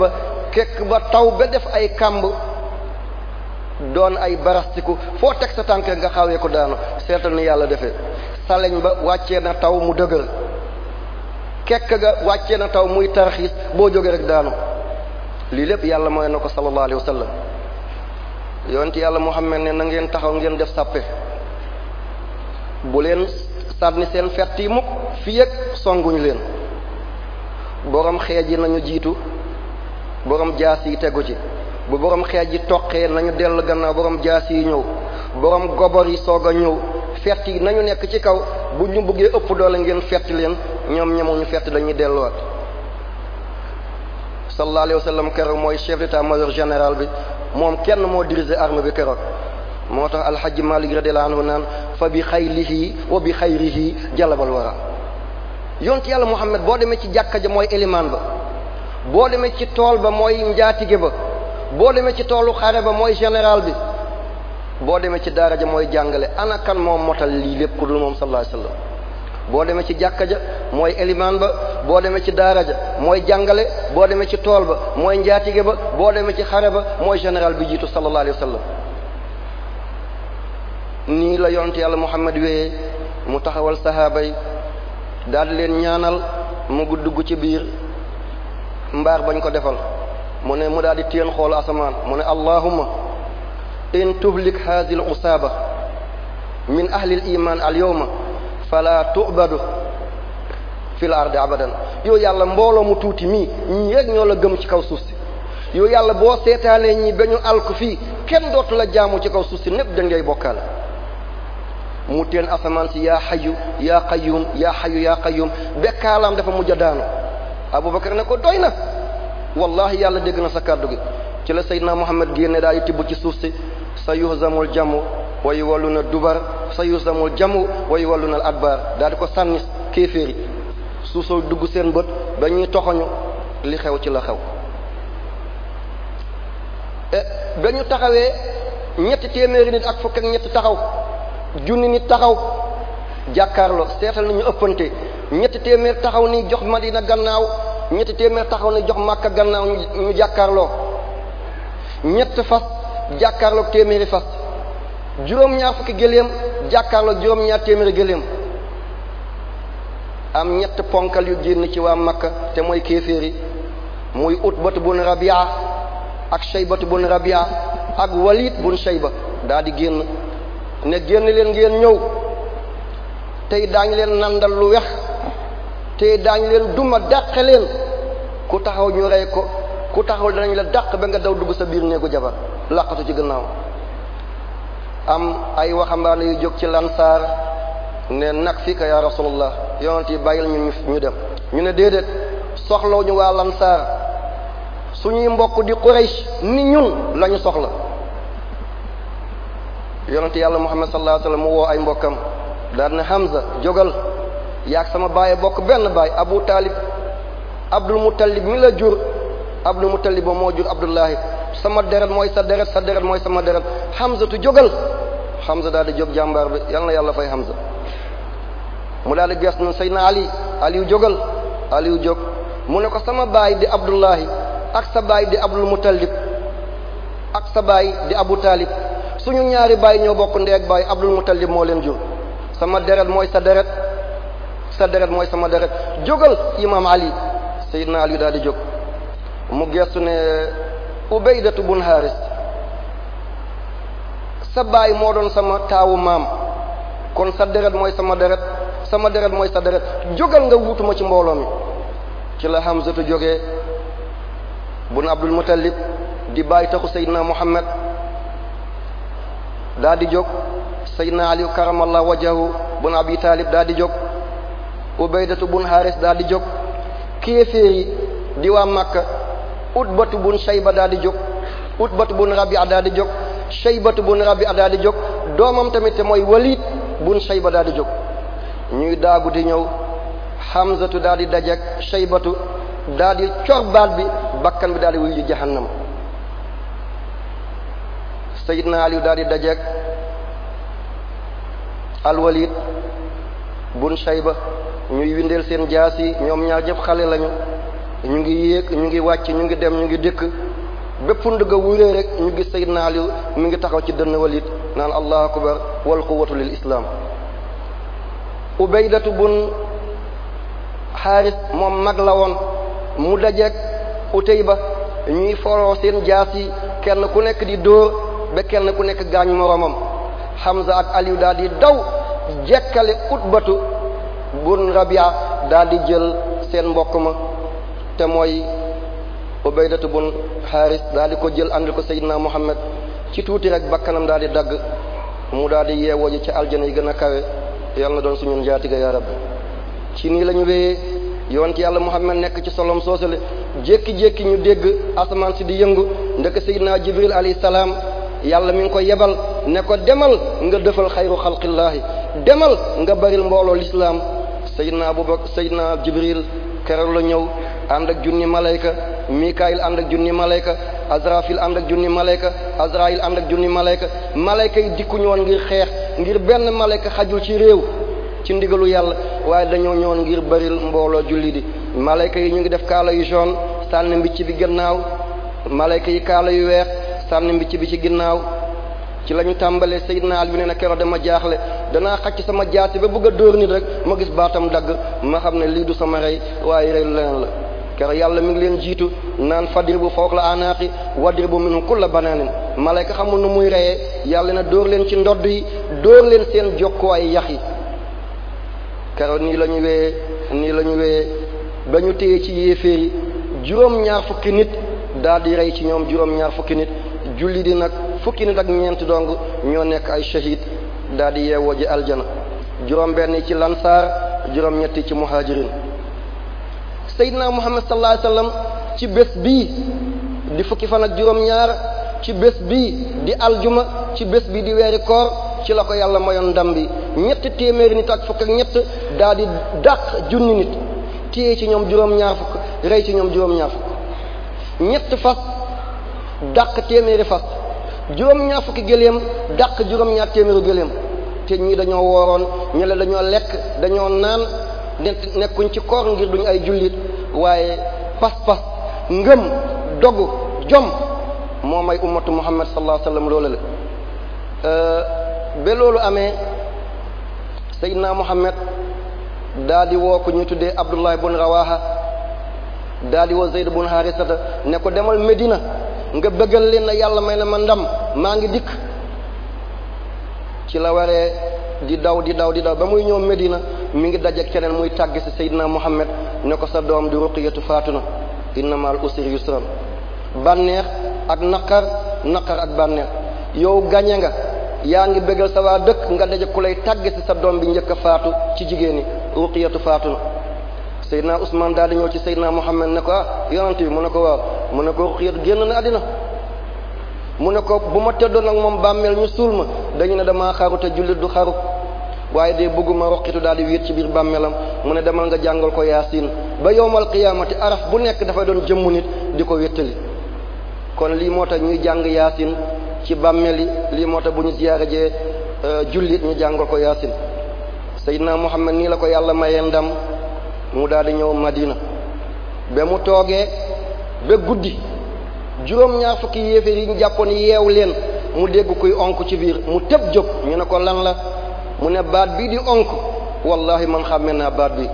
ba kekk ba taw ba def ay kàmb doon ay barastiku foo teg sa tànk nga xawee ko daanu seetal ni yàlla defe saleñ ba wàcce na taw mu dëgër kekk ga wàccee na taw muy tarxiis boo jógee rek daanu lii lépp yàlla mooy na ko sallallahu alayhi wa sallam yonent yàlla Muhammad ne na ngeen taxaw ngeen def sàppe bu leen sànni seen fett yi mukk fii ak songuñu leen borom xeej yi nañu jiitu borom jaas yi tegu ci bu borom xeej yi toqee nañu dellu gannaaw borom jaas yi ñëw borom gobor yi soog a ñëw fett yi nañu nekk ci kaw bu ñu buggee ëpp doole ngeen fett leen ñoom ñu fett dañuy delluwaat sallallahu alayhi wa sallam keroog mooy chef d'état-major général bi moom kenn moo diriger armée bi keroog moo tax alxaji malik radiyallahu anhu naan fa bi xaylihi wa bi xayrihi jalabal wara yonent yàlla muhammad boo demee ci jàkka ja mooy élimaan ba boo demee ci tool ba mooy njaatige ba boo demee ci toolu xare ba mooy général bi boo demee ci daara mooy jàngale ana kan moo motal lii lépp ku dul moom sallallahu alayhi wasallam boo demee ci jàkka ja mooy elimaan ba boo demee ci daara mooy jàngale boo demee ci tool ba mooy njaatige ba boo demee ci xare ba mooy général bi jiitu sallallahu alayhi wasallam nii la yonte yàlla muhammad wéyee mu taxawal sahaaba yi daal di leen ñaanal mu dugg ci biir mbaar bañ ko defal moo ne mu daal di téen xool asamaan mu ne allahumma in tuhlik hadhihi al usaba min ahli al iman al yawma fala tu'badu fil ardi abadan yow yàlla mbooloo mu tuuti mii ñii rek ñoo la gëm ci kaw suuf si yow yàlla boo seetaanee ñii ba ñu alku fii kenn dootu la jaamu ci kaw suuf si népp dañ ngay bokkaale mu teen asamaan si yaa xayu yaa qayyum yaa xayu yaa qayyum bekkaalaam dafa mujj a Abubakar na ko doy na wallahi yàlla dégg na sa kàddu gi ci la Seydina Muhammad génne daal di tibb ci suuf si sa yuhzamul jamu wa yuwalluna dubar sa yuhzamul jamu wàllu na al adbar daal di ko sànni kéeféeri suusal dugg seen bët ba ñuy toxoñu li xew ci la xew eh, ba ñu taxawee ñetti téeméeri nit ak fukk ak ñetti taxaw junni nit taxaw jàkkaarloo seetal nañu ëppante ñetti téeméer taxaw nii jox na gannaaw ñetti téeméer taxaw na jox màkka gannaaw ñu jàkkaarloo ñett fas jàkkaarloo téeméeri fas juróom-ñaar fukki gëléem jàkkaarloo juróom-ñaar téeméeri gëléem am ñett ponkal yu génn ci waa makka te mooy kéeféer yi muy Utbat bun Rabia ak Shaybat bun Rabia ak Walid bun Shayba daa di génn ne génn leen ngeen ñëw tey daañu leen nandal lu wex te daañ leen duma dàqe leen ku taxaw ñu rey ko ku taxawul danañ la dàq ba nga daw dugg sa biir néegu jabar làqatu ci gannaaw am ay waxambaane yu jóg ci lansaar ne nag fii ka yaa rasulullah yonent bàyyil ñu ñu dem ñu ne déedéet soxlaw ñu waa lansaar suñuy mbokk di quraish ni ñun lañu soxla yonent yàlla muhammad sallallahu alayhi wasallam mu woo ay mbokkam daal ne Hamza jógal ak sama baay bokk benn baay abu taalib abdul muttalib mi la jur abdul muttalib ba moo jur abdullahi sama deret mooy sa deret sa deret mooy sama deret hamzatu jógal hamza daal di jóg jàmbaar bi yal yàlla fay hamza mu daal gees na seydna ali aliyu jógal aliyu jóg mu ne ko sama baay di abdullahi ak sa baay di abdul muttalib ak sa baay di abu taalib suñu ñaari baay ñoo bokk ndeeg baay abdul muttalib moo leen jur sama deret mooy sa deret sa deret mooy sama deret jogal imam ali sayidna ali daal di jóg mu gestu ne ubaydatu bun haris sa baay moo doon sama taawu maam kon sa deret mooy sama deret sama deret mooy sa deret jógal nga wutuma ci mbooloo ci la hamzatu joge bun abdul mutallib di bàyyi taxu sayidna muhammad daal di jóg sayidna ali karamallah wajahu bun abi talib daal di jóg ubaydatu bun haris daal di jóg kéeféer yi di waa Makka utbatu bun shayba daal di jóg utbatu bun rabia daal jóg shaybatu bun rabia daal di jóg doomam tamit te mooy walid bun shayba daal di jóg ñuy daagu di ñëw hamzatu daal di dajeek shaybatu daal di bi bakkan bi daal di wuyu jahannam sayidna aliyu daal di dajeek alwalid bun shayba ñuy windeel seen jaas yi ñoom ñaar jëpp xale lañu ñu ngi yéeg ñu ngi wàcc ñu ngi dem ñu ngi dikk bépp ndëgg a wuree rek ñu gis Seydina Ali mi ngi taxaw ci dënn Walid naan allah akbar wal quwwatu lil islam ubaydatu bun xaaris moom mag la woon mu dajeeg ba ñuy foroo seen jaas yi kenn ku nekk di dóor ba kenn ku nekk gaañ moroomam Hamza ak Aliou daal di daw jekkale utbatu bun rabia daal di jël seen mbokk ma te mooy ubaydatu bun xaaris daal di ko jël àndil ko seydina muhammad ci tuuti rek bakkanam daal di dagg mu daal di yeewoo ji ci aljana yi gën a kawe yàlla na doon suñu njaatiga yaa rabbi ci nii la ñu wéyee yonent yàlla muhammad nekk ci solom soosale jékki-jékki ñu dégg asamaan si di yëngu ndek seydina jibril alayhi salaam yàlla mi ngi ko yebal ne ko demal nga defal xayru xalqillaahi demal nga baril mbooloo lislaam Seydina Abubakar Seydina Jibril keroog la ñëw ànd ak junni malayka Mikaayil ànd ak junni malayka Azrafil ànd ak junni malayka Azrail ànd ak junni malayka malayka yi dikku ñoon ngir xeex ngir benn malayka xajul ci réew ci ndigalu yàlla waaye dañoo ñoon ngir bëril mbooloo julli di malayka yi ñu ngi def kaala yu jaune sànni mbicc bi gannaaw malayka yi kaala yu weex sànni mbicc bi ci ginnaaw ci la ñu tàmbalee Seydina naa bi nee na keroo dama jaaxle danaa xacc sama jaasi ba bëgg a dóor nit rek ma gis baatam dagg ma xam ne lii du sama rey waaye rey la kero yàlla mu ngi leen jiitu naan fadir bu fawq la anaaqi wadir bu minhum kulla banaanin malayka xamul nu muy reyee yàlla na dóor leen ci ndodd yi dóor leen seen jokkuwaay yax yi keroo nii la ñu wee nii la ñu wee ba ñu téye ci yéeféer yi juróom-ñaar fukki nit daal di rey ci ñoom juróom-ñaar fukki nit julli di nag fukki nit ak ñeent dong ñoo nekk ay shahid daal di yeewoo ji aljana juróom benn ci lansaar juróom ñetti ci muhajirin seydina muhammad sallallahu alayhi wasallam ci bés bii di fukki fan ak juróom ñaar ci bés bii di aljuma ci bés bii di weeri koor ci la ko yàlla mayoon ndam bi ñett téeméeri nit ak fukk ak ñett daal dàq junni nit téye ci ñoom juróom ñaar fukk rey ci ñoom juróom ñaar fukk ñett fas dàq téeméeri fas juróom-ñaar fukki gëléem dàq juróom-ñaar téeméeru gëléem te ñii dañoo wooroon ñele dañoo lekk dañoo naan nekkuñ ci koor ngir duñu ay jullit waaye pas-pas ngëm dogu jom moo may ummatu muhammad sallallahu alayhi wasallam loola la ba loolu amee Seydina Muhammad daa di woo ko ñu tuddee Abdullah ibn Rawaha daa di woo Zayd ibn Harisata ne ko demal Medina nga bëggal leen na yàlla may na ma ndam maa ngi dikk ci la waree di daw di daw di daw ba muy ñëw Medina mi ngi daje keneen muy tàgg si Seydina Muhammad ne ko sa doom di Ruqiyatu faatu na inna ma'al usri bànneex ak naqar naqar yow gañe nga yaa ngi bëggal sa waa dëkk nga daje ku lay tàgg si sa doom bi njëkk a faatu ci jigéen ñi Ruqiyatu faatu na Seydina Usman daal di ñëw ci Seydina Muhammad ne ko ah yonent bi mu ne ko waaw mu ne ko Ruqayya génn na àddina mu ne ko bu ma tëddoon ak moom bàmmeel ñu suul ma dañu ne dama xaru te jullit du xaru waaye de bëgguma roqitu daal di wéet ci biir bàmmeelam mu ne demal nga jàngal ko yasin ba yowmal qiyaamati araf bu nekk dafay doon jëmmu nit di ko wéttali kon lii moo tax ñuy jàng yaasin ci bàmmeel yi lii moo tax bu ñu ziyaarajee euh, jullit ñu jàngal ko yasin yaasin Seydina Muhammad nii la ko yàlla mayee ndam mu daal di ñëw Madina ba mu toogee ba guddi juróom-ñaar fukki yéeféer yi ñu jàppoon yeew leen mu dégg kuy onk ci biir mu tëb jóg ñu ne ko lan la mu ne baat bii di onk wallahi man xàmme naa baat bi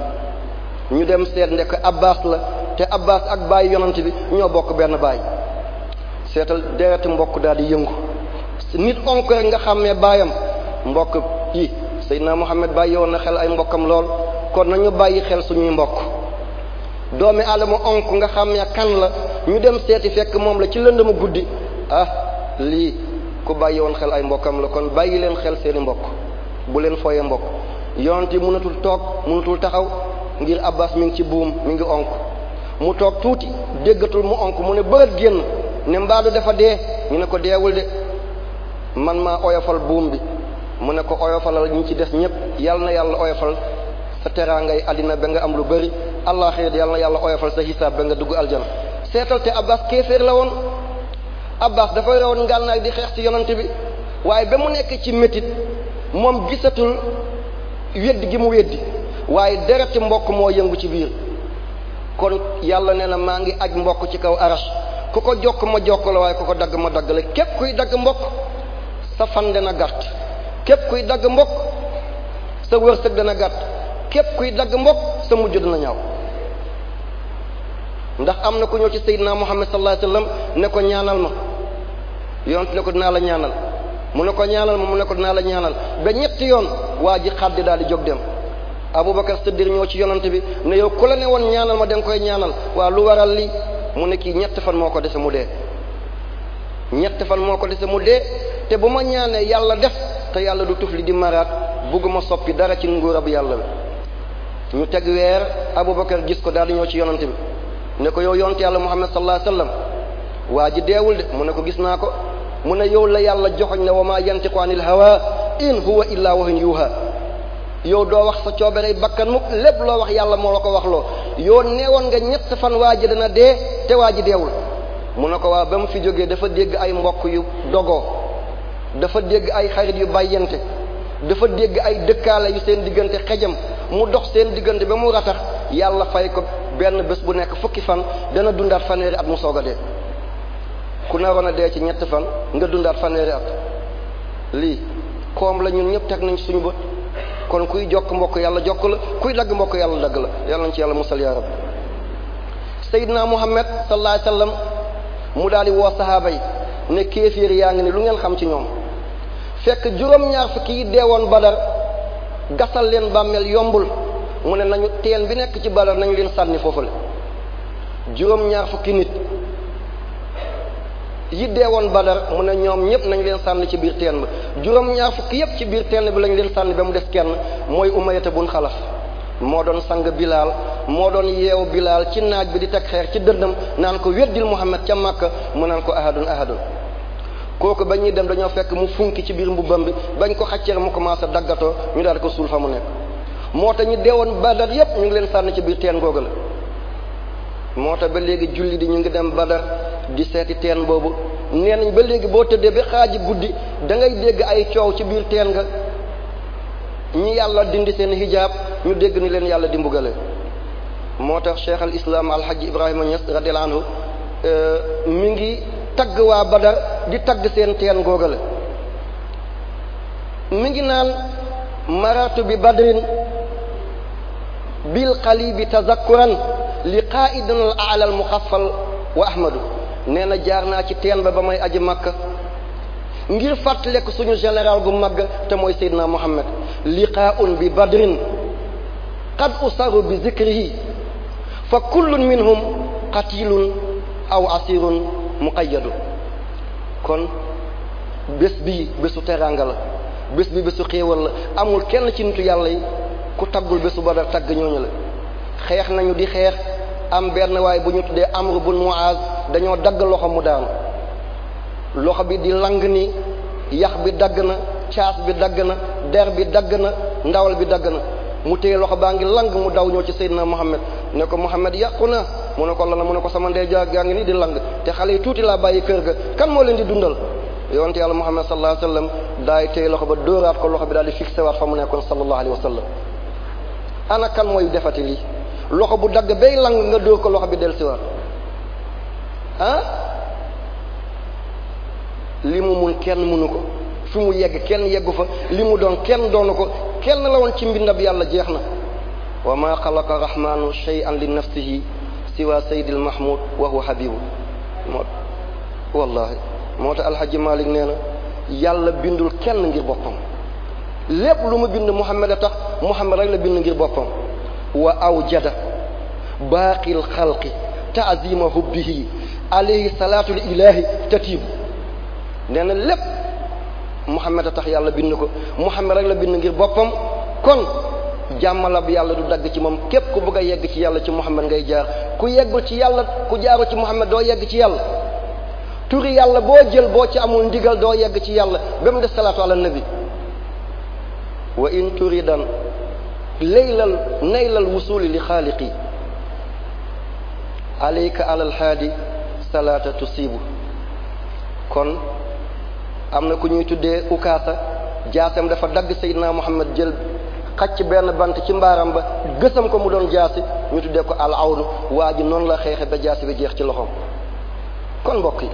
ñu dem seet ndekk abbas la te abbas ak baay yonent bi ñoo bokk benn baay seetal deret mbokk daal di yëngu nit onk rek nga xàmmee baayam mbokk yi Seydina Muhammad bàyyi woon na xel ay mbokkam lool kon nañu bàyyi xel suñuy mbokk doomi aadama onk nga xam ya kan la ñu dem seeti fekk moom la ci lëndama guddi ah lii ku bàyyi woon xel ay mbokkam la kon bàyyi leen xel seeni mbokk bu leen foyee mbokk yonte mënatul toog mënatul taxaw ngir abbas mi ngi ci buum mi ngi onk mu toog tuuti déggatul mu onk mu ne bëggat génn ne mbaadu dafa dee ñu ne ko deewul de man maa oyofal buum bi mu ne ko oyofalal ñi ci des ñépp yal na yàlla oyofal sa teraangay àddina ba nga am lu bari àllaaxira yal na yàlla oyofal sa xisaab ba nga dugg aljana seetal te abbas kéeféer la woon abbas dafa rewoon ngànnaay di xeex ci yonent bi waaye ba mu nekk ci métit moom gisatul weddi gi mu weddi waaye dereti mbokk moo yëngu ci biir kon yàlla ne na maa ngi aj mbokk ci kaw arash ku ko jokk ma jokk la waaye ku ko dagg ma dagg la képp kuy dagg mbokk sa fan dana gàtt képp kuy dagg mbokk sa wërsëg dana gàtt képp kuy dagg mbokk sa mujj dina ñaaw ndax am na ku ñëw ci Seydina Muhammad sallallahu alayhi wasallam ne ko ñaanal ma yonent ne ko dinaa la ñaanal mu ne ko ñaanal ma mu ne la ñaanal ba ñetti yoon waa ji xaddi daal di jóg dem Abubakar Siddiq ñëw ci yonent bi ne yow ku la ne woon ñaanal ma da koy ñaanal waa lu waral li mu ne kii ñett fan moo ko dese mu dee ñett fan moo ko dese mu dee te bu ma ñaanee yàlla def te yàlla du tufli di maraat bugguma soppi dara ci nguurab yàlla bi ñu teg weer Abubakar gis ko daal di ñëw ci yonante bi ne ko yow yonte yàlla Muhammad sallallahu alayhi wasallam waa ji deewul de mu ne ko gis naa ko mu ne yow la yàlla joxoñ ne wa ma yantiqu anil hawa in huwa illa wahyun yuha yow doo wax sa coobere bakkan mukk lépp loo wax yàlla moo la ko wax loo yow woon nga ñett fan waa ji dee te waa ji deewul mu ne ko waa ba mu fi jógee dafa dégg ay mbokk yu dogoo dafa dégg ay xarit yu bàyyante dafa dégg ay dëkkaale yu seen diggante xejam mu dox seen diggante ba mu ratax yàlla fay ko benn bés bu nekk fukki fan dana dundaat fanweeri at mu soog a dee ku naroon a dee ci ñett fan nga dundaat fanweeri at lii koom la ñun ñëpp teg nañ suñu bët kon kuy jokk mbokk yàlla jokk la kuy dagg mbokk yàlla dagg la yàlla nañ ci yàlla musal yaa rab naa Muhammad sallallahu alayhi mu daal di woo sahaaba yi ne kéeféer yaa ngi ni lu ngeen xam ci ñoom fekk juróom-ñaar fukki yi deewoon Badar gasal leen bàmmeel yombul mu ne nañu teen bi nekk ci badar nañu leen sànni foofule juróom-ñaar fukki nit yi woon badar mu ne ñoom ñëpp nañ leen sànni ci biir teen ba juróom-ñaar fukki yëpp ci biir teen bi lañ leen sànni ba mu des kenn mooy umayata bun xalaf moo doon sang bilaal moo doon yeew bilaal ci naaj bi di teg xeer ci dëndam naan ko weddil muhammad ca màkka mu naan ko ahadun ahadun kooku ba ñuy dem dañoo fekk mu funki ci biir mbubbam bi bañ ko xàcceer mu commencé daggatoo ñu daal ko suul fa mu nekk moo tax ñu deewoon badar yépp ñu ngi leen sànni ci biir teen googu moo tax ba léegi julli di ñu ngi dem badar di seeti teen boobu nee nañ ba léegi boo tëddee ba xaaji guddi da dégg ay coow ci biir teen nga ñi yàlla dindi seen hijab ñu dégg ni leen yàlla di mbugale moo tax cheikh al islam alhaji ibrahima Niass radiyallahu anhu euh, mi tagg waa Badar di tagg seen teen googa la mi ngi naan maratu bi badrin bil xalibi tazakkuran li qaidina al a'la wa ahmadu nee na jaar naa ci teen ba ba may aji makka ngir fàttaleku suñu général bu mag te mooy Seydina Muhammad liqaaun bi badrin qad usaru bi zikrihi fa kullun minhum qatilun aw asirun muqayyadu kon bés bi bésu teraanga la bés bi bésu xéewal la amul kenn ci nitu yàlla yi ku taggul bésu badar tagg ñooñu la xeex nañu di xeex am benn waaye bu ñu tuddee amru bun muaz dañoo dagg loxo mu daanu loxo bi di lang ni yax bi dagg na caas bi dagg na der bi dagg na ndawal bi dagg na mu téye loxo baa ngi lang mu daw ñëw ci Seydina Muhammad ne ko Muhammad yàqu na mu ne ko la mu ne ko sama ndey jaa gaa ngi nii di lang te xale yi tuuti laa bàyyi kër ga kan moo leen di dundal yonte yàlla Muhammad sallallahu alayhi wa sallam daay téye loxo ba dóoraat ko loxo bi daal di fixé waat fa mu nekkoon sallallahu alayhi wa sallam ana kan mooy defati lii loxo bu dagg bay lang nga dóor ko loxo bi dellusiwaat ah li mu mun kenn munu ko fi mu yegg kenn yeggu fa li mu doon kenn doonu ko kenn la woon ci mbindab yàlla jeex na wa ma xalaqa rahmanu shay'an li nafsihi siwa sayyidil mahmud wa huwa habibu moo wallahi moo tax alxaji malik nee na yàlla bindul kenn ngir boppam lépp lu mu bind muhammad a tax muhammad rek la bind ngir boppam wa awjada baaqil xalqi taazima hubbihi alayhi salaatul Muhammad a tax yàlla bind ko Muhammad rek la bind ngir boppam kon jàmmalab yàlla du dagg ci moom képp ku bëgg a yegg ci yàlla ci Muhammad ngay jaar ku yeggul ci yàlla ku jaaru ci Muhammad doo yegg ci yàlla turi yàlla boo jël boo ci amul ndigal doo yegg ci yàlla ba mu des salaatu ala nabi wa in turidan laylal naylal wusuli li xaaliqi alayka alal haadi salaata tusiibu kon am na ku ñuy tuddee ukaasa jaasam dafa dagg Seydina Muhammad jël ci benn bant ci mbaaram ba gësam ko mu doon jaasi ñu tuddee ko al awnu waa ji noonu la xeexe ba jaasi bi jeex ci loxoom kon mbokk yi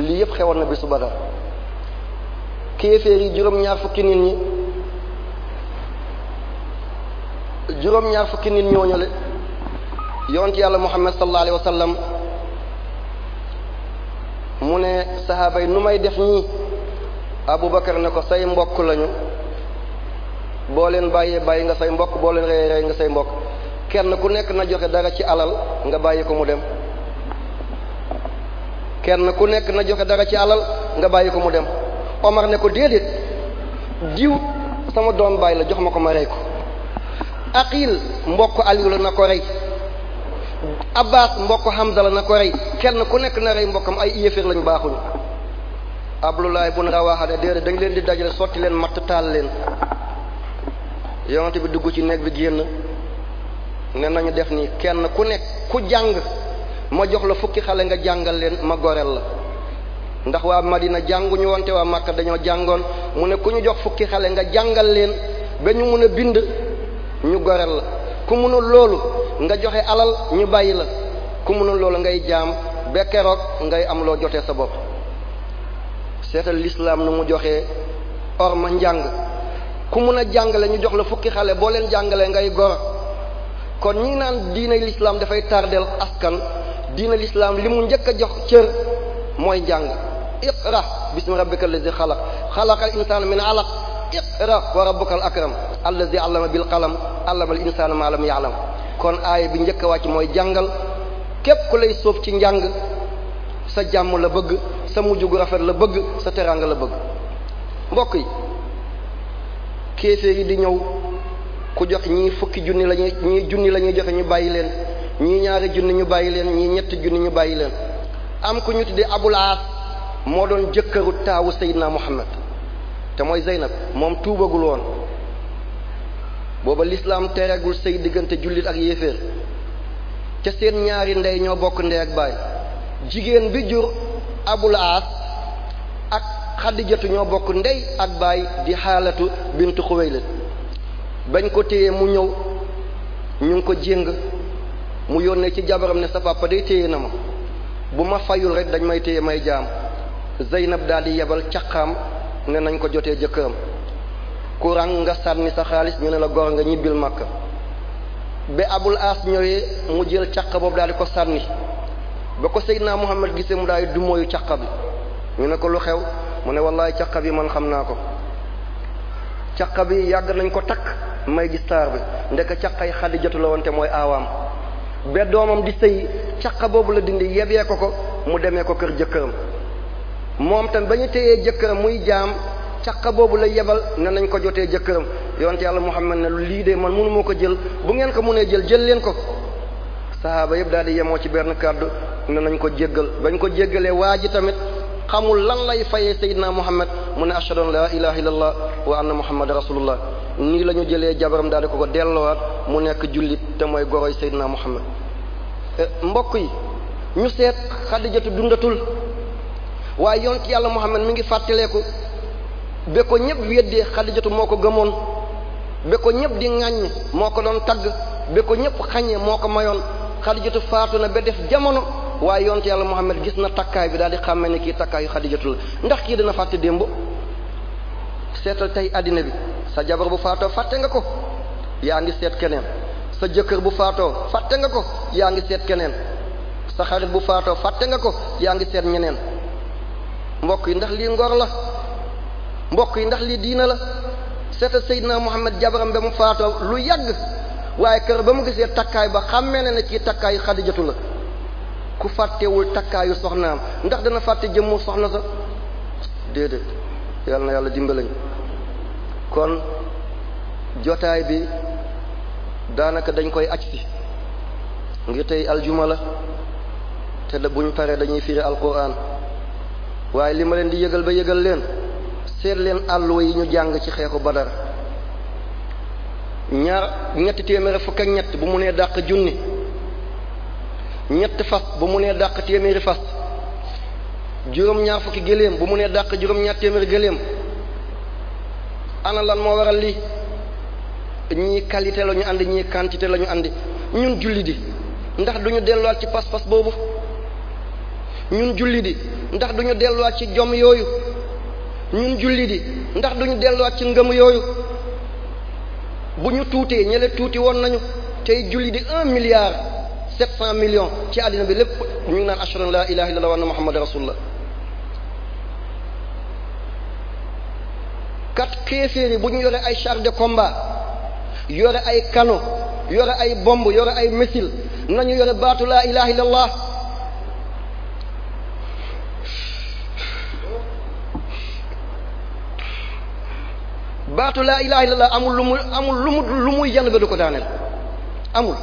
lii yëpp xewoon na bisu Badar kéeféer yi juróom-ñaar fukki nit ñi juróom-ñaar fukki nit ñooñu le yonent yàlla Muhammad sallallahu alayhi wa mu ne saxaaba yi nu may def ñii abubakar ne ko say mbokk lañu boo leen bàyyee bàyyi nga say mbokk boo leen rey rey nga say mbokk kenn ku nekk na joxe dara ci alal nga bàyyi ko mu dem kenn ku nekk na joxe dara ci alal nga bàyyi ko mu dem Omar ne ko déedéet diw sama doom bàyyi la jox ma ko ma rey ko Aqil mbokk Aliou na ko rey Abbas mbokk Hamza la na ko rey kenn ku nekk na rey mbokkam ay yéeféer lañu baaxuñu bu ibn Rawaha ne déedéet dañ leen di dajale sotti leen matt taal leen yonent bi dugg ci néeg bi génn ne nañu def nii kenn ku nekk ku jàng ma jox la fukki xale nga jàngal leen ma goreel la ndax waa Madina jànguñu woon te waa Makka dañoo jàngoon mu ne ku ñu jox fukki xale nga jàngal leen ba ñu mun a bind ñu goreel la ku munul loolu nga joxe alal ñu bàyyi la ku mënul loolu ngay jaam ba keroog ngay am loo jotee sa bopp seetal lislaam nu mu joxe or njàng ku mun a jàngale ñu jox la fukki xale boo leen jàngalee ngay gor kon ñi naan diine lislaam dafay tardeel askan diina lislaam li mu njëkk a jox cër mooy jàng iqra bismi rabbika allazi xalaq xalaqal insaana min alaq iqra wa rabbukal akram allazi allama bil qalam allama al insaana ma lam ya'lam kon aaya bi njëkk wàcc mooy jàngal képp ku lay sóof ci njàng sa jàmm la bëgg sa mujj gu rafet la bëgg sa teraanga la bëgg mbokk yi kéeféer yi di ñëw ku jox ñii fukki junni la junni la ñuy joxe ñu bàyyi leen ñii ñaari junni ñu bàyyi leen ñii ñetti junni ñu bàyyi leen am ku ñu tuddee abul aas moo doon jëkkëru taawu Seydina Muhammad te mooy Zeynab moom tuubagul woon booba lislaam teregul sëy diggante jullit ak yéeféer ca seen ñaari ndey ñoo bokk ndey ak baay jigéen bi jur abul aas ak xadijatu ñoo bokk ndey ak baay di xaalatu bintu xuwaylid bañ ko téye mu ñëw ñu ngi ko jéng mu yónnee ci jabaram ne sa papa day téye na ma bu ma fayul rek dañ may téye may jaam zeynab daal di yebal caqaam ne nañ ko jotee jëkkëram courant nga sànni sa xaalis ñu ne la gor nga ñibbil Makka ba abul aas ñëwee mu jël caq boobu daal di ko sànni ba ko sëy naa Muhammad gise mu daal di dumóoyu caq bi ñu ne ko lu xew mu ne wallaay caq bi man xam naa ko caq bi yàgg nañ ko takk may gis taar bi ndeke caqay Xadijatu la woon te mooy aawaam ba doomam di sëy caq boobu la dindi yebee ko ko mu demee ko kër jëkkëram moom tam ba ñu téyee jëkkëram muy jaam caqa boobu la yebal ne nañ ko jotee jëkkëram yonte yàlla Muhammad ne lii de man mënu moo ko jël bu ngeen ko mënee jël jël leen ko sahaaba yëpp daal di yemoo ci benn kàddu ne nañ ko jéggal bañ ko jéggalee waa ji tamit xamul lan lay fayee Seydina Muhammad mu ne ashhadu an la ilaha illallah wa anna Muhammad rasulullah nii la ñu jëlee jabaram daal di ko ko delloowaat mu nekk jullit te mooy goroy Seydina Muhammad eh, mbokk yi ñu seet Xadijatu dundatul waaye yonent yàlla Muhammad mi ngi fàttaleeku be ko ñëpp weddee xadijatu moo ko gëmoon be ko ñëpp di ŋàññ moo ko doon tagg be ko ñëpp xañee moo ko mayoon xadijatu faatu na ba def jamono waaye yonte yàlla Muhammad gis na takkaay bi daal di xàmme ne kii takkaayu xadijatu la ndax kii dina fàtte démb seetal tey àddina bi sa jabar bu faatoo fàtte nga ko yaa ngi seet keneen sa jëkkër bu faatoo fàtte nga ko yaa ngi seet keneen sa xarit bu faatoo fàtte nga ko yaa ngi seet ñeneen mbokk yi ndax lii ngor la mbokk yi ndax lii diina la seetal Seydina Muhammad jabaram ba mu faatoo lu yàgg waaye kër ba mu gisee takkaay ba xàmmee na ne ci takkaayu Xadijatu la ku fàttewul takkaayu soxnaam ndax dana fàtte jëmmu soxna sa déedéet yàlla na yàlla dimbalañ kon jotaay bi daanaka dañ koy aj si ngir tey aljuma la te da buñ paree dañuy firi alquran waaye li ma leen di yëgal ba yëgal leen seet leen àlluwa yi ñu jàng ci xeexu badar ñaar ñetti téeméeri fukk ak ñett bu mu nee dàq junni ñetti fas bu mu nee dàq téeméeri fas juróom-ñaar fukki gëléem bu mu nee dàq juróom-ñaar téeméeri gëléem ana lan moo waral lii ñii qualité la ñu andi ñii quantité la ñu andi ñun julli di ndax duñu delluwaat ci pas-pas boobu ñun julli di ndax duñu delluwaat ci jom yooyu ñun julli di ndax duñu delluwaat ci ngëm yooyu bu ñu tuutee ñele tuuti woon nañu tey julli di un milliard sept cent millions ci àddina bi lépp ñu ngi naan ashhadu an la ilaha illallah wa anna muhammad rasulullah kat kéeféeri bu ñu yore ay char de combat yore ay kano yore ay bomb yore ay missile nañu yore baatu la ilaha illallah baatu laa ilaha illallah amul lu mu amul lu mu lu muy jàng ba du ko daaneel amul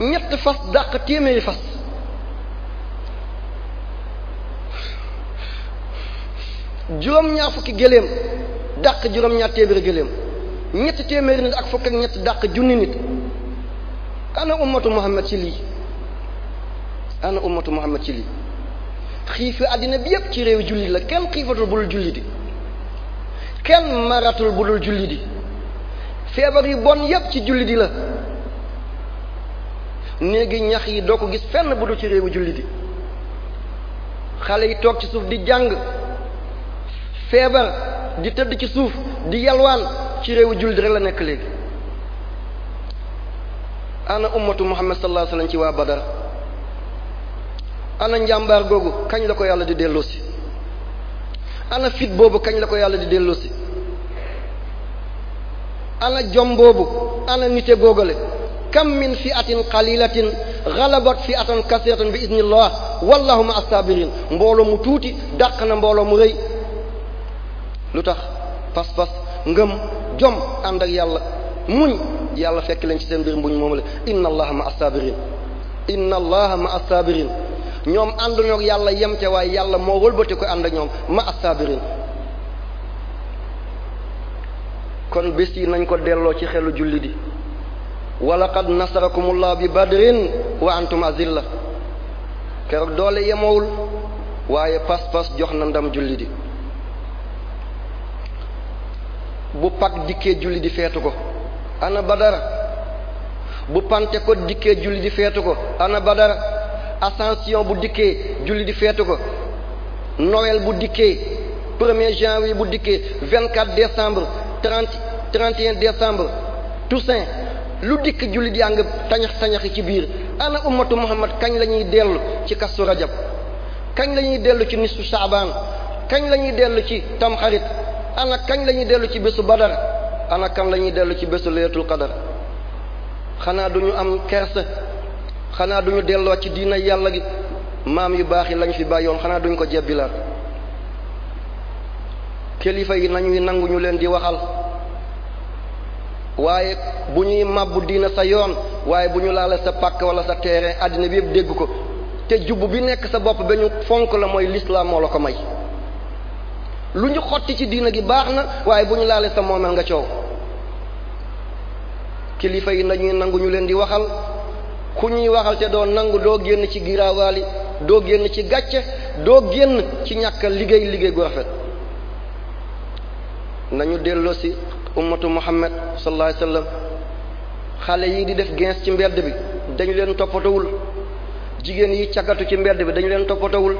ñett fas dàq téeméeri fas juróom-ñaar fukki gëléem dàq juróom-ñaar téeméeri gëléem ñetti téeméeri nit ak fukk ak ñett dàq junni nit ana ummatu muhammad ci lii ana ummatu muhammad ci lii xiifi àddina bi yépp ci réew jullit la kenn xiifatul bul julliti kenn maratul bu dul julli di feebar yi bon yépp ci julli di la néegi ñax yi doo ko gis fenn bu dul ci réewu julli di xale yi toog ci suuf di jàng feebar di tëdd ci suuf di yalwaan ci réewu julli di rek la nekk léegi ana ummatu muhammad sallallahu alayhi wasallam ci waa badar ana njàmbaar googu kañ la ko yàlla di delloosi ana fit boobu kañ la ko yàlla di delloosi ana jom boobu ana nite góogale kam min fi atin qalilatin ghalabat fi atan bi idnillah wallahu ma asabirin mbooloo mu tuuti dàq mbooloo mu rëy lu tax pas-pas ngëm jom ànd yàlla muñ yàlla fekk leen ci seen biir mbuñ moom la inna allaha ma asabirin inna allaha ma asabirin ñoom ànduñu ak yàlla yem ca waaye yàlla moo wëlbati ko ànd ak ñoom ma asaabirin kon bés yi nañ ko delloo ci xelu julli di walaqad nasarakumullah bi badrin wa antum azilla keroog doole yemowul waaye pas-pas jox na ndam julli di bu pak dikkee julli di feetu ko ana badara bu pante ko dikkee julli di feetu ko ana badara ascension bu dikkee julli di feetu ko Noël bu dikkee premier janvier bu dikkee vingt quatre décembre trente trente et un décembre Toussaint lu dikk julli di àng tañax tañaxi ci biir ana ummatu Muhammad kañ la ñuy dellu ci kastu rajab kañ la ñuy dellu ci nisu saabaan kañ la ñuy dellu ci tamxarit ana kañ la ñuy dellu ci bésu badar ana kañ la ñuy dellu ci bésu leetul qadar xanaa duñu am kersa xanaa duñu delloo ci diina yàlla gi maam yu baax yi lañ fi bàyyoon xanaa duñu ko jebbilaat kilifa yi nañuy nangu ñu leen di waxal waaye bu ñuy màbbu diina sa yoon waaye bu ñu laale sa pàkk wala sa terrain àddina bi yëpp dégg ko te jubb bi nekk sa bopp ba ñu fonk la mooy lislaam moo la ko may lu ñu xotti ci diina gi baax na waaye bu ñu laale sa moomeel nga coow kilifa yi nañuy nangu ñu leen di waxal ku ñuy waxal te doon nangu doo génn ci giraawaali doo génn ci gàcce doo génn ci ñàkk liggéey liggéey gu rafet nañu delloo si ummatu muhammad sallallahu alayhi xale yi di def gens ci mbedd bi dañu leen toppatawul jigéen yi cagatu ci mbedd bi dañu leen toppatawul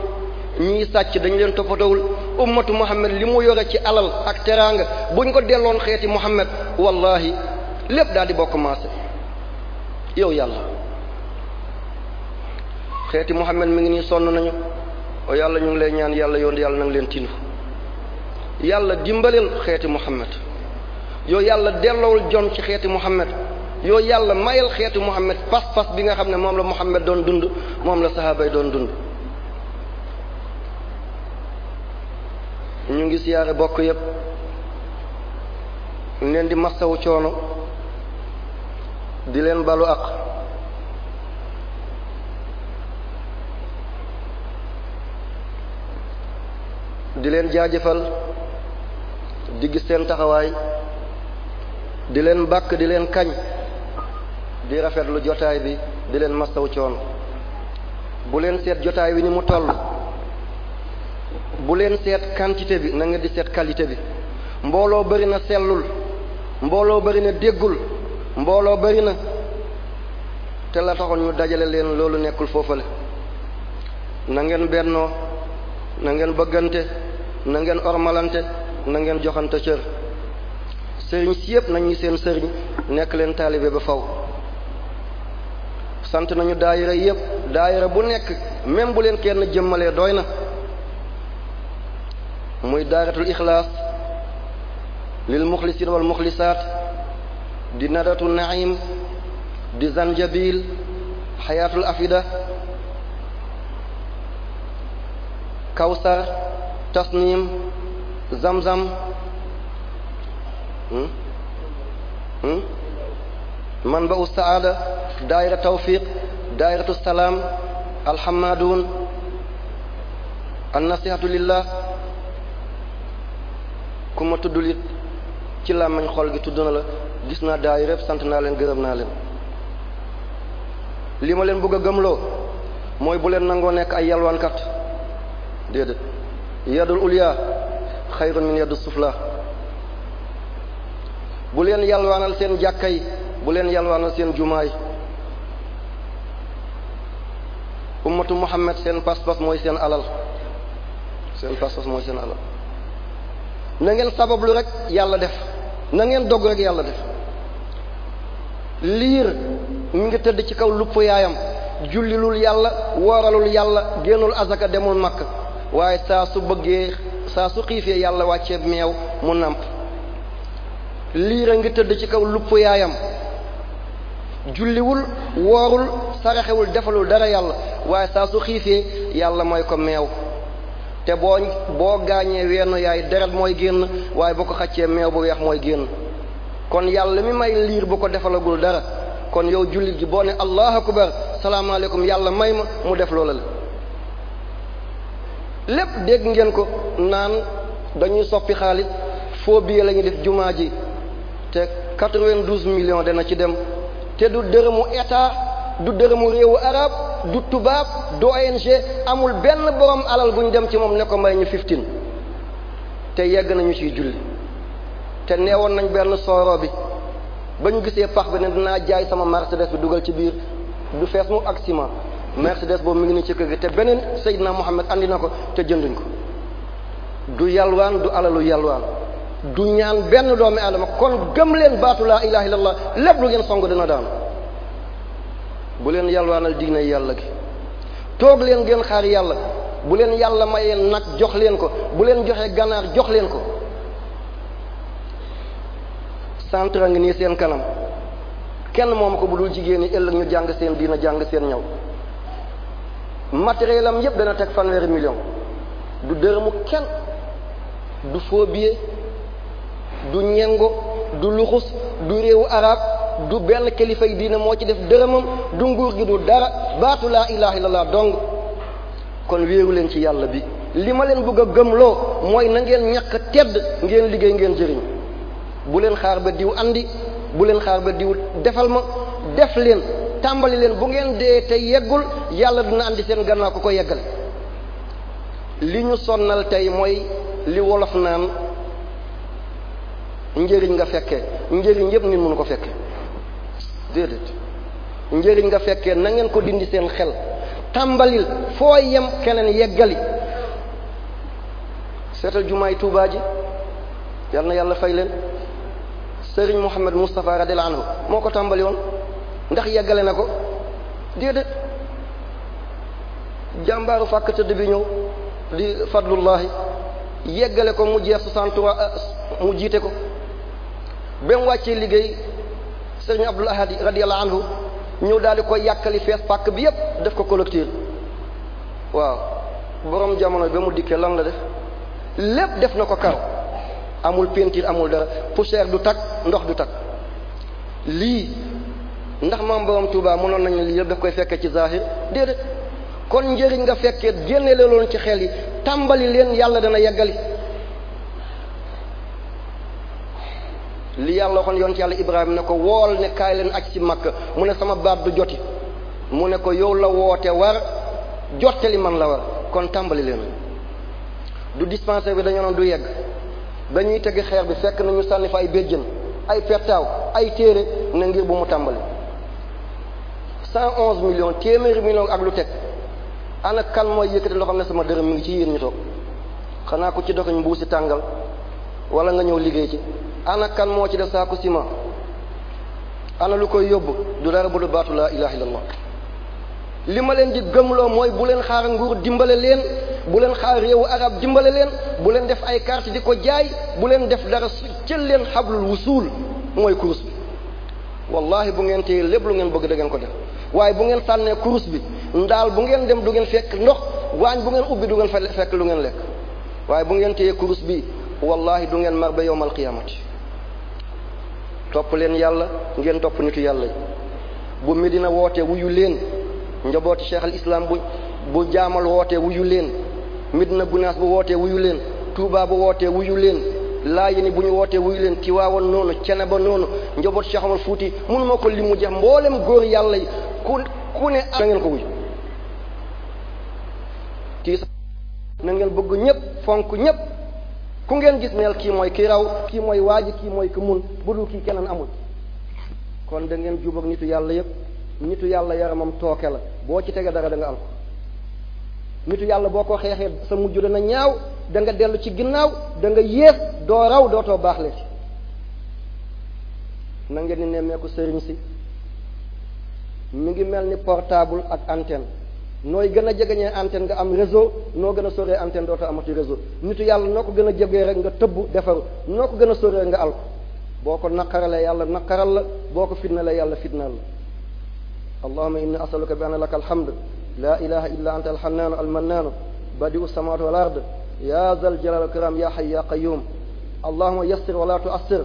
ñii sàcc dañu leen toppatawul ummatu muhammad li mu yore ci alal ak teraanga buñ ko delloon xeeti muhammad wallahi lépp daal di bokk maase yow yàlla xeeti Muhammad mi ngi nii sonn nañu o yàlla ñu ngi lay ñaan yàlla yoon yàlla na leen tindu yàlla dimbaleel xeeti Muhammad yow yàlla delloowul jom ci xeeti Muhammad yow yàlla mayal xeeti Muhammad pas-pas bi nga xam ne moom la Muhammad doon dund moom la sahaaba yi doon dund ñu ngi siyaare bokk yépp leen di massawu coono di leen balu ak di leen jaajëfal di gis seen taxawaay di leen bàkk di leen kañ di rafetlu jotaay bi di leen mastaw coon bu leen seet jotaay bi ni mu toll bu leen seet quantité bi na di seet qualité bi mbooloo bari sellul mbooloo bari na déggul mbooloo bari na te la taxoon ñu dajale leen loolu nekkul foofu la nangeen bennoo na ngeen bëggante nangeen ngeen ormalante nangeen ngeen joxante cër sëriñ si yëpp nañu seen sëriñ nekk leen taalibe ba faw sant nañu daayira yëpp daayira bu nekk même bu leen kenn jëmmalee doy na muy daaratul ixlaas lil muxlisiin wal muxlisaat di nadratu naim di zanjabil xayaatul afida kawsar tasnim zamzam hmm? Hmm? man ba u saada daayira tawfiq daayiratu salaam alhamadun annasihatu lillah ku ma tuddul it ci làmmañ xol gi tudd la gis naa daayira sant naa leen gërëm naa leen lii ma leen bëgg a gëmloo mooy bu leen nangoo nekk ay yalwaankat déedéet yadul ulya xayrun min yadu sufla bu leen yalwaanal seen jàkka yi bu leen yalwaanal seen jumaay ummatu muhammad seen pas mooy seen alal seen pas mooy seen alal na ngeen sabablu rek yàlla def na ngeen dogg rek yàlla def liir mi ngi tëdd ci kaw lupp yaayam jullilul yàlla wooralul yàlla génnul azaka demul makk waaye saa su bëggee saa su xiifee yàlla wàcce meew mu nàmp liir a ngi tëdd ci kaw lupp yaayam julliwul woorul saraxewul defalul dara yàlla waaye saa su xiifee yàlla mooy ko meew te boo boo gaañee weenu yaay deret mooy génn waaye boo ko xàccee meew bu weex mooy génn kon yàlla mi may liir bu ko defalagul dara kon yow jullit gi boo ne allahu akbar salaamaaleykum yàlla may ma mu def loola la lépp dégg ngeen ko naan dañuy soppi xaalis foo billet lañu def jumaa ji te 92 millions dana ci dem te du dërëmu état du dërëmu réewu arab du tubaab du ONG amul benn borom alal bu ñu dem ci moom ne ko may ñu te yegg nañu ciy julli te woon nañ benn sooro bi ba ñu gisee pax bi ne dinaa jaay sama Mercedes bi dugal ci biir du fees mu ak Mercedes boobu mi ngi nii ci kër gi te beneen Seydina Muhammad andi na ko te jënduñ ko du yalwaan du alalu yalwaan du ñaan benn doomi aadama kon gëm leen baatu laa ilaha illallah lépp lu ngeen song dina daanu bu leen yalwaanal dig na yàlla gi toog leen ngeen xaar yàlla bu leen yàlla mayee nag jox leen ko bu leen joxee ganaar jox leen ko centre ngi nii seen kanam kenn moom ko bu dul jigéen ñi ëllëg ñu jàng seen diina jàng seen ñaw matériel am yépp dana teg fanweeri million du dërëmu kenn du phobie du ñengo du luxus du réewu arab du benn kilifa yi diina moo ci def dërëmam du nguur gi du dara baatu laa ilaha illallah dong kon wéeru leen ci yàlla bi li ma leen bëgg a gëmloo mooy nangeen ngeen ñàkk tedd ngeen liggéey ngeen jëriñ bu leen xaar ba diw andi bu leen xaar ba diw defal ma def leen tàmbali leen bu ngeen dee tey yeggul yàlla dina andi seen gannaaw ko ko yeggal li ñu sonnal tey mooy li wolof naan njëriñ nga fekkee njëriñ yépp nit mënu ko fekkee déedéet njëriñ nga fekkee nangeen ko dindi seen xel tàmbalil foo yem keneen yeggali seetal jumaay Tuubaa ji yal na yàlla fay leen Serigne Mouhamed Moustapha radiyallahu anhu moo ko tàmbali woon ndax yeggale na ko déedéet jàmbaaru fàkk tëdd bi ñëw di fadlullahi yeggale ko mu jeex 63 euh, mu jiite ko ba mu wàccee liggéey sëriñ Abdul Ahad radiyallahu anhu ñëw daal di koy yàkkali fees pàkk bi yépp def ko collecteur waaw borom jamono ba mu dikkee lan la def lépp def na ko karo amul peinture amul dara poussière du takk ndox du takk lii ndax maam borom Touba mënoon nañu lii yëpp koy fekkee ci zahir déedéet kon njëriñ nga fekkee génne loolu ci xel yi tàmbali leen yàlla dana yeggali li yàlla waxoon yoon ci yàlla Ibrahima ne ko wool ne kaay leen aj ci Makka mu ne sama baat du joti mu ne ko yow la woote war jottali man la war kon tàmbali leen du dispensaire bi dañoo noon du yegg dañuy ñuy teg xeer bi fekk na ñu sànni fa ay béjjën ay pettaaw ay téere ne ngir bu mu tàmbali cent onze millions téeméeri million ak lu teg ana kan mooy yëkkati loo xam ne sama dërëm mi ngi ci yéen ñu toog xanaa ko ci doxañ mbuusi tàngal wala nga ñëw liggéey ci ana kan moo ci def saaku ciment ana lu koy yóbbu du dara bu du baatu laa ilaha illallah li ma leen di gëmuloo mooy bu leen xaar nguur dimbale leen bu leen xaar réewu arab dimbale leen bu leen def ay carte di ko jaay bu leen def dara su cël leen xablul wusuul mooy course bi wallahi bu ngeen téye lépp lu ngeen bëgg dangeen ko dem waaye bu ngeen sànnee kurus bi ndaal bu ngeen dem du ngeen fekk ndox waañ bu ngeen ubbi du ngeen fekk lu ngeen lekk waaye bu ngeen téye kurus bi wallahi du ngeen mar ba yowmal qiyamati topp leen yàlla ngeen topp nitu yàlla yi bu Medina wootee wuyu leen njabooti cheikh al islam bu bu jaamal wootee wuyu leen Medina gunaas bu wootee wuyu leen Touba bu wootee wuyu leen laaj ni bu ñu wootee wuyu leen Tiwaawan noonu Cenaba noonu njaboot Cheikh Omar Fuuti mënu ko li mu jeex mboolem góor yàlla yi ku ku ne na ngeen ko wuy kii na ngeen bëgg ñëpp fonk ñëpp ku ngeen gis neel kii mooy kii raw kii mooy waaji kii mooy ku mun bu dul kii keneen amul kon da ngeen jubag nitu yàlla yëpp nitu yàlla yaramam tooke la boo ci tegee dara da am alko nitu yàlla boo ko xeexee sa mujj dana ñaaw da nga dellu ci ginnaaw da nga yées doo raw dootoo baax le na ngeen di nemmeeku sëriñ si mu ngi mel ni portable ak antenne nooy gën a jegeñee antenne nga am réseau noo gën a sóree antenne dootoo amati réseau nitu yàlla noo ko gën a jegee rek nga tëbb defaru noo ko gën a soree nga al boo ko naqaralee yàlla naqaral la boo ko fitnalee yàlla fitnal la allahuma inni asaluka bi anna laka alhamd la ilaha illa anta alxannaanu almannaanu badiu samawati wal ard يا ذا الجلال والكرام يا حي يا قيوم اللهم يسر ولا تؤسر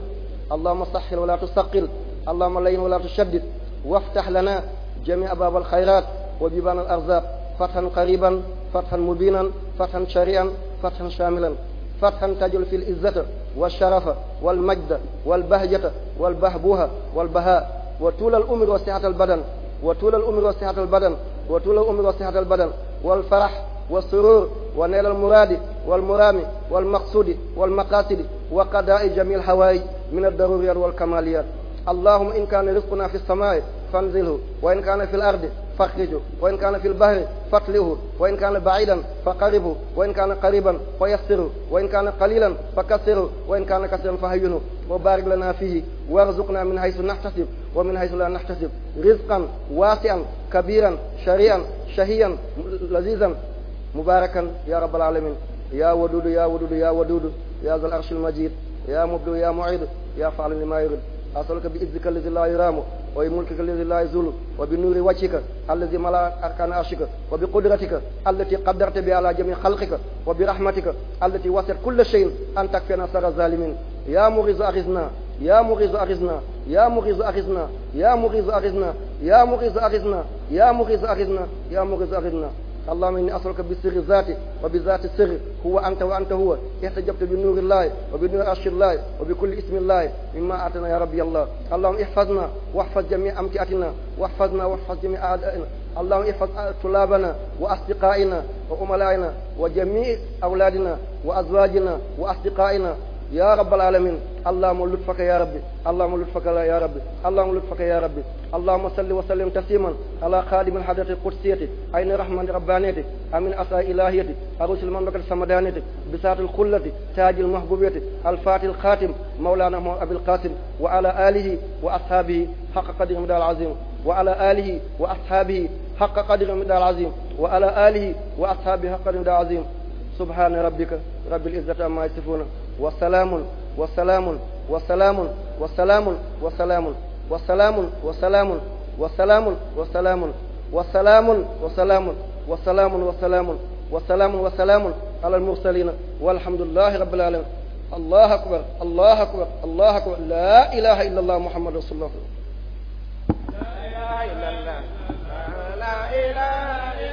اللهم سهل ولا تسقل اللهم لين ولا تشدد وافتح لنا جميع أبواب الخيرات وبيبان الأرزاق فتحا قريبا فتحا مبينا فتحا شريعا فتحا شاملا فتحا تجل في العزة والشرف والمجد والبهجة والبهبوه والبهاء وطول الأمر وسعة البدن وطول الأمر وسعة البدن وطول الأمر وسعة البدن والفرح والسرور ونيل المراد والمرام والمقصود والمقاصد وقضاء جميع الحوائج من الضروريات والكماليات اللهم إن كان رزقنا في السماء فانزله وإن كان في الأرض فاخرجه وإن كان في البحر فاطلعه وإن كان بعيدا فقربه وإن كان قريبا فيسره وإن كان قليلا فكسره وإن كان كثيرا فهينه وبارك لنا فيه وارزقنا من حيث نحتسب ومن حيث لا نحتسب رزقا واسعا كبيرا شريعا شهيا لذيذا mubaarakan ya rabbal alamin ya wadudu ya wadudu ya wadudu ya zal arshil majid ya mubdu ya mu'id ya fa'alu lima yurid asaluka bi izzika allazi la yuramu wa bi mulkika allazi la yazulu wa bi nuuri wajhika allazi mala arkana arshika wa bi qudratika allati qaddarta bi ala jami xalqika wa bi rahmatika allati wasi'at kulla shay'in an takfina sara zalimin ya mughizu aghizna ya mughizu aghizna ya mughizu aghizna ya mughizu aghizna ya mughizu aghizna ya mughizu aghizna ya mughizu aghizna اللهم إني أسألك بسر ذاتك وبذات السر هو أنت وأنت هو احتجبت بنور الله وبنور عرش الله وبكل اسم الله مما أتنا يا ربي الله اللهم احفظنا واحفظ جميع أمتعتنا واحفظنا واحفظ جميع أعدائنا اللهم احفظ طلابنا وأصدقائنا وأملائنا وجميع أولادنا وأزواجنا وأصدقائنا ya rabbal alamin allahumma lutfaka ya rabbi allahumma lutfaka ya rabbi allahumma lutfaka ya rabbi allahumma salli wa sallim tasliman ala xaadimi alhadrati qudsiyati ayni rahmani rabbaniyati amin asa ilahiyati arusil mamlakati samadaniyati bisaatil xullati taajil mahbubiyati alfatihil xaatim mawlana mo abil qasim wa ala alihi wa ashaabihi xaqa qadri midal azim wa ala alihi wa ashaabihi xaqa qadri midal azim wa ala alihi wa ashaabihi xaqa qadri midal azim subhana rabbika rabbil izzati amma yasifuna wasalaamun wasalaamun wasalaamun wasalaamun wasalaamun wasalaamun wasalaamun wasalaamun wasalaamun wasalaamun wasalaamun wasalaamun wasalaamun wasalaamun wasalaamun ala almursalina walhamdulilahi rabbil alamin allah akbar allah akbar allah akbar la ilaha illa allah muhammad rasulullah la ilaha illa allah la ilaha